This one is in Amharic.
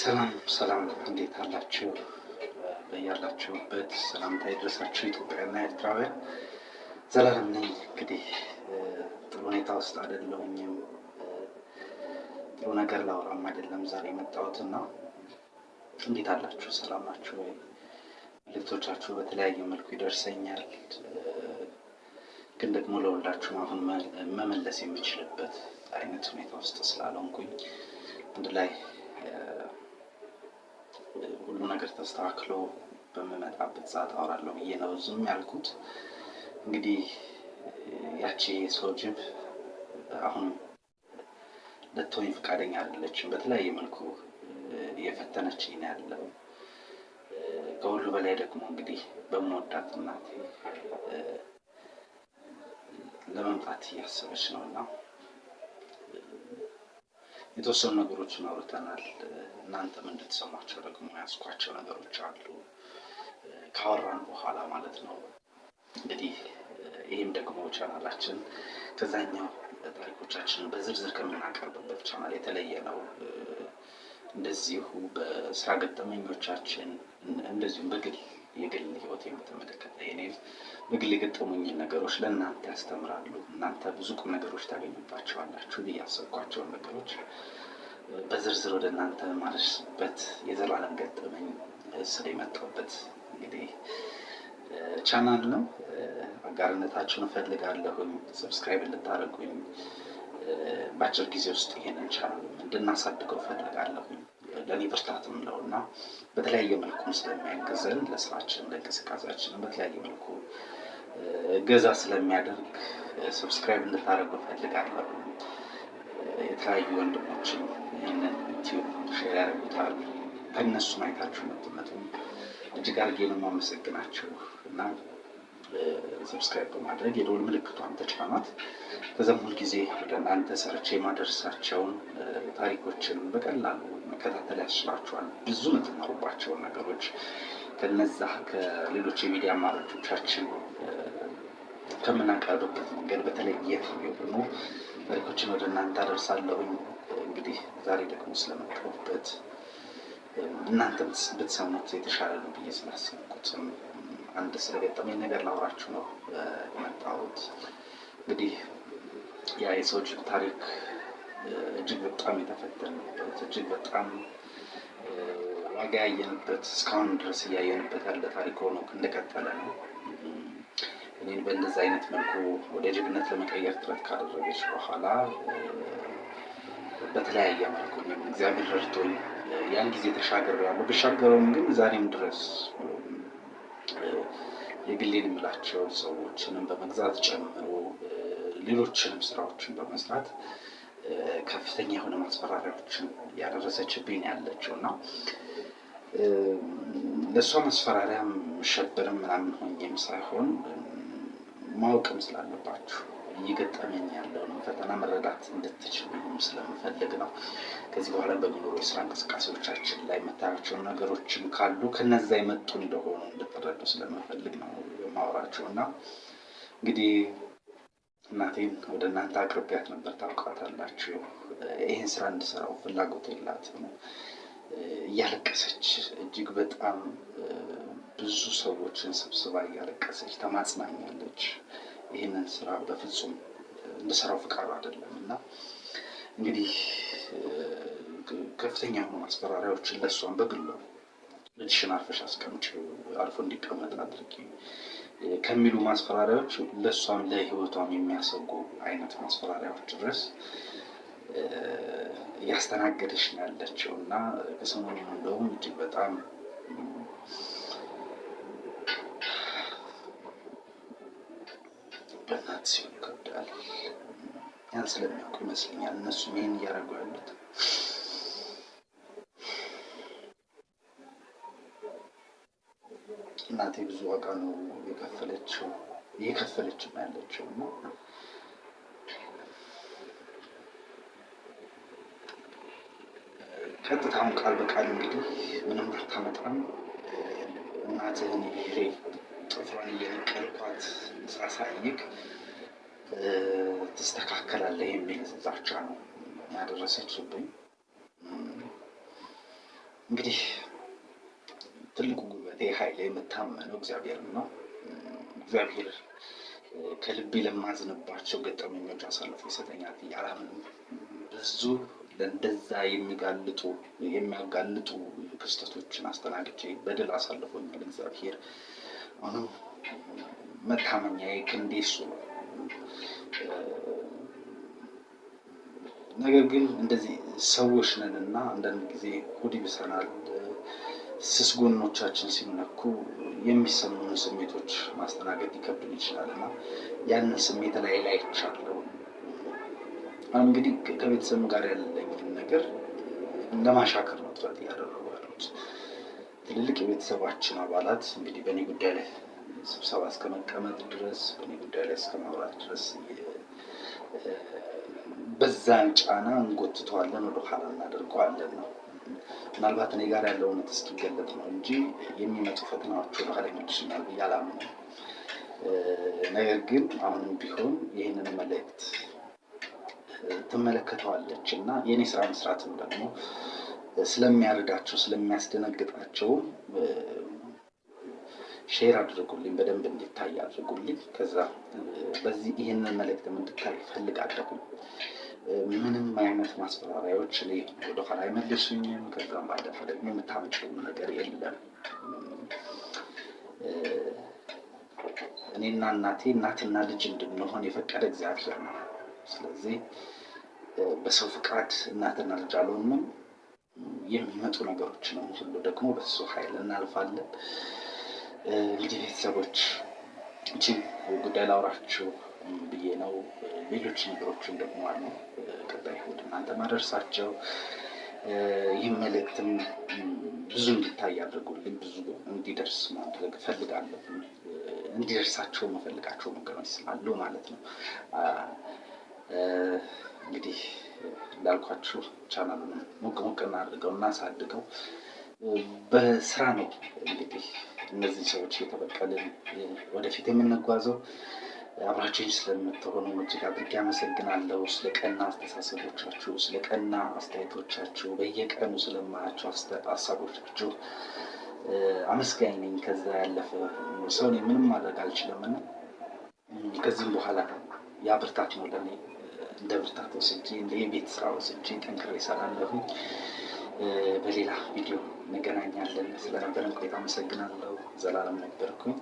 ሰላም ሰላም፣ እንዴት አላችሁ? በያላችሁበት ሰላምታ ይድረሳችሁ ኢትዮጵያና ኤርትራውያን። ዘላለም ነኝ። እንግዲህ ጥሩ ሁኔታ ውስጥ አይደለሁኝም። ጥሩ ነገር ላውራም አይደለም ዛሬ የመጣሁት እና እንዴት አላችሁ? ሰላም ናችሁ ወይ? መልእክቶቻችሁ በተለያየ መልኩ ይደርሰኛል፣ ግን ደግሞ ለሁላችሁም አሁን መመለስ የምችልበት አይነት ሁኔታ ውስጥ ስላለንኩኝ አንድ ላይ ነገር ተስተካክሎ በምመጣበት ሰዓት አወራለሁ ብዬ ነው ዝም ያልኩት። እንግዲህ ያቺ ሰው ጅብ አሁን ልትሆኝ ፈቃደኛ አይደለችም። በተለያየ መልኩ የፈተነች ነው ያለው። ከሁሉ በላይ ደግሞ እንግዲህ በምወዳት እናቴ ለመምጣት እያሰበች ነው እና የተወሰኑ ነገሮችን አውርተናል። እናንተም እንድትሰሟቸው ደግሞ ያስኳቸው ነገሮች አሉ ካወራን በኋላ ማለት ነው። እንግዲህ ይህም ደግሞ ቻናላችን ከዛኛው ታሪኮቻችንን በዝርዝር ከምናቀርብበት ቻናል የተለየ ነው። እንደዚሁ በስራ ገጠመኞቻችን እንደዚሁም በግል የግል ህይወቴን በተመለከተ የኔን በግል የገጠሙኝን ነገሮች ለእናንተ ያስተምራሉ፣ እናንተ ብዙ ቁም ነገሮች ታገኙባቸዋላችሁ ብዬ ያሰብኳቸውን ነገሮች በዝርዝር ወደ እናንተ ማድረስበት የዘላለም ገጠመኝ ስለ የመጣሁበት እንግዲህ ቻናል ነው። አጋርነታችሁን እፈልጋለሁኝ። ሰብስክራይብ እንድታደርጉኝ በአጭር ጊዜ ውስጥ ይሄንን ቻናል እንድናሳድገው እፈልጋለሁኝ። ለእኔ ብርታትም ነው እና በተለያየ መልኩም ስለሚያገዘን ለስራችን ለእንቅስቃሴያችንም በተለያየ መልኩ ገዛ ስለሚያደርግ ሰብስክራይብ እንድታደርጉ እፈልጋለሁ። የተለያዩ ወንድሞችን ይህንን ዩቲዩብ ሼር ያደርጉታል። ከእነሱ ማየታችሁ መጥመቱም እጅግ አድርጌ ነው የማመሰግናችሁ እና ሰብስክራይብ በማድረግ የደወል ምልክቷን ተጫኗት። በዘንቡል ጊዜ አንተ ሰርቼ የማደርሳቸውን ታሪኮችን በቀላሉ መከታተል ያስችላችኋል። ብዙ የምትማሩባቸውን ነገሮች ከነዛ ከሌሎች የሚዲያ አማራጮቻችን ከምናቀርብበት መንገድ በተለየ የሆኑ ታሪኮችን ወደ እናንተ አደርሳለሁኝ። እንግዲህ ዛሬ ደግሞ ስለመጣሁበት እናንተ ብትሰሙት የተሻለ ነው ብዬ ስላሰብኩትም አንድ ስለገጠመኝ ነገር ላውራችሁ ነው የመጣሁት እንግዲህ ያ የሰው ታሪክ እጅግ በጣም የተፈተንበት እጅግ በጣም ዋጋ ያየንበት እስካሁን ድረስ እያየንበት ያለ ታሪክ ሆኖ እንደቀጠለ ነው። እኔን በእንደዚህ አይነት መልኩ ወደ ጀግነት ለመቀየር ጥረት ካደረገች በኋላ በተለያየ መልኩ እግዚአብሔር ረድቶኝ ያን ጊዜ ያሉ ብሻገረውም ግን ዛሬም ድረስ የግሌን የምላቸው ሰዎችንም በመግዛት ጨምሮ ሌሎችንም ስራዎችን በመስራት ከፍተኛ የሆነ ማስፈራሪያዎችን ያደረሰችብኝ ያለችው እና ለእሷ ማስፈራሪያ መሸበርም ምናምን ሆኜም ሳይሆን ማወቅም ስላለባችሁ እየገጠመኝ ነው ፈተና መረዳት እንድትችሉም ስለምፈልግ ነው። ከዚህ በኋላ በሚኖሩ የስራ እንቅስቃሴዎቻችን ላይ የምታያቸውን ነገሮችም ካሉ ከነዛ የመጡ እንደሆኑ እንድትረዱ ስለምፈልግ ነው ማውራቸው እና እንግዲህ እናቴን ወደ እናንተ አቅርቢያት ነበር። ታውቃታላችሁ፣ ይህን ስራ እንድሰራው ፍላጎት የላትም። እያለቀሰች እጅግ በጣም ብዙ ሰዎችን ስብስባ እያለቀሰች ተማጽናኛለች። ይህንን ስራ በፍጹም እንድሰራው ፍቃዱ አይደለም እና እንግዲህ ከፍተኛ የሆኑ አስፈራሪያዎችን ለእሷን በግሏ ልጅሽን አርፈሽ አስቀምጪው፣ አርፎ እንዲቀመጥ አድርጊ ከሚሉ ማስፈራሪያዎች ለእሷም ለህይወቷም የሚያሰጉ አይነት ማስፈራሪያዎች ድረስ እያስተናገደች ነው ያለችው እና ከሰሞኑ እንደውም እጅግ በጣም በእናት ሲሆን ይከብዳል። ያን ስለሚያውቁ ይመስለኛል እነሱም ይህን እያደረጉ ያሉት እናቴ ብዙ ዋጋ ነው የከፈለችው ነው ያለችው እና ቀጥታም ቃል በቃል እንግዲህ ምንም አታመጣም። እናትህን ይሄ ጥፍሯን እየነቀልኳት ሳሳይቅ ትስተካከላለህ የሚል ዛቻ ነው ያደረሰችብኝ። እንግዲህ ትልቁ ሀይል ኃይል የምታመነው እግዚአብሔር ነው። እግዚአብሔር ከልቤ ለማዝንባቸው ገጠመኞች አሳልፎ ይሰጠኛል ብዬ ብዙ ለእንደዛ የሚጋልጡ የሚያጋልጡ ክስተቶችን አስተናግጄ በድል አሳልፎኛል እግዚአብሔር። አሁንም መታመኛዬ ክንዴ እሱ ነው። ነገር ግን እንደዚህ ሰዎች ነን እና አንዳንድ ጊዜ ሆድ ይብሰናል። ስስ ጎኖቻችን ሲነኩ የሚሰሙን ስሜቶች ማስተናገድ ሊከብድን ይችላል እና ያንን ስሜት ላይ ላይ ይቻለው እንግዲህ ከቤተሰብ ጋር ያለኝን ነገር ለማሻከር ነው ጥረት እያደረጉ ያሉት ትልልቅ የቤተሰባችን አባላት እንግዲህ በእኔ ጉዳይ ላይ ስብሰባ እስከ መቀመጥ ድረስ በእኔ ጉዳይ ላይ እስከ ማውራት ድረስ በዛን ጫና እንጎትተዋለን፣ ወደ ኋላ እናደርገዋለን ነው። ምናልባት እኔ ጋር ያለው እውነት እስኪገለጥ ነው እንጂ የሚመጡ ፈተናዎቹ ባህለኞች ይችላሉ እያላም ነው። ነገር ግን አሁንም ቢሆን ይህንን መልእክት ትመለከተዋለች እና የእኔ ስራ መስራትም ደግሞ ስለሚያርዳቸው ስለሚያስደነግጣቸው ሼር አድርጉልኝ፣ በደንብ እንዲታይ አድርጉልኝ። ከዛ በዚህ ይህንን መልእክትም እንድታይ እፈልጋለሁ። ምንም አይነት ማስፈራሪያዎች እኔ ወደኋላ አይመልሱኝም። ከዛም ባለፈ ደግሞ የምታመጭው ነገር የለም። እኔና እናቴ እናትና ልጅ እንድንሆን የፈቀደ እግዚአብሔር ነው። ስለዚህ በሰው ፍቃድ እናትና ልጅ አልሆንም። የሚመጡ ነገሮች ነው ሁሉ ደግሞ በሱ ኃይል እናልፋለን። እንግዲህ ቤተሰቦች እቺ ጉዳይ ላውራችሁ ብዬ ነው። ሌሎች ነገሮችን ደግሞ አሉ ቀጣይ እሑድ እናንተ ማደርሳቸው ይህ መልእክትም ብዙ እንዲታይ አድርጉልኝ፣ ብዙ እንዲደርስ ማድረግ እፈልጋለሁ። እንዲደርሳቸው መፈልጋቸው ነገሮች ስላሉ ማለት ነው። እንግዲህ እንዳልኳችሁ ቻናሉን ሞቅ ሞቅ እናድርገው፣ እናሳድገው። በስራ ነው እንግዲህ እነዚህ ሰዎች እየተበቀልን ወደፊት የምንጓዘው። አብራችኝ ስለምትሆኑ እጅግ አድርጌ አመሰግናለሁ። ስለ ቀና አስተሳሰቦቻችሁ፣ ስለ ቀና አስተያየቶቻችሁ፣ በየቀኑ ስለማያቸው ሀሳቦቻችሁ አመስጋኝ ነኝ። ከዛ ያለፈ ሰው እኔ ምንም ማድረግ አልችልም እና ከዚህም በኋላ ያ ብርታት ነው ለእኔ እንደ ብርታት ወስጄ እንደ የቤት ስራ ወስጄ ጠንክሬ እሰራለሁ። በሌላ ቪዲዮ እንገናኛለን። ስለነበረን ቆይታ አመሰግናለሁ። ዘላለም ነበርኩኝ።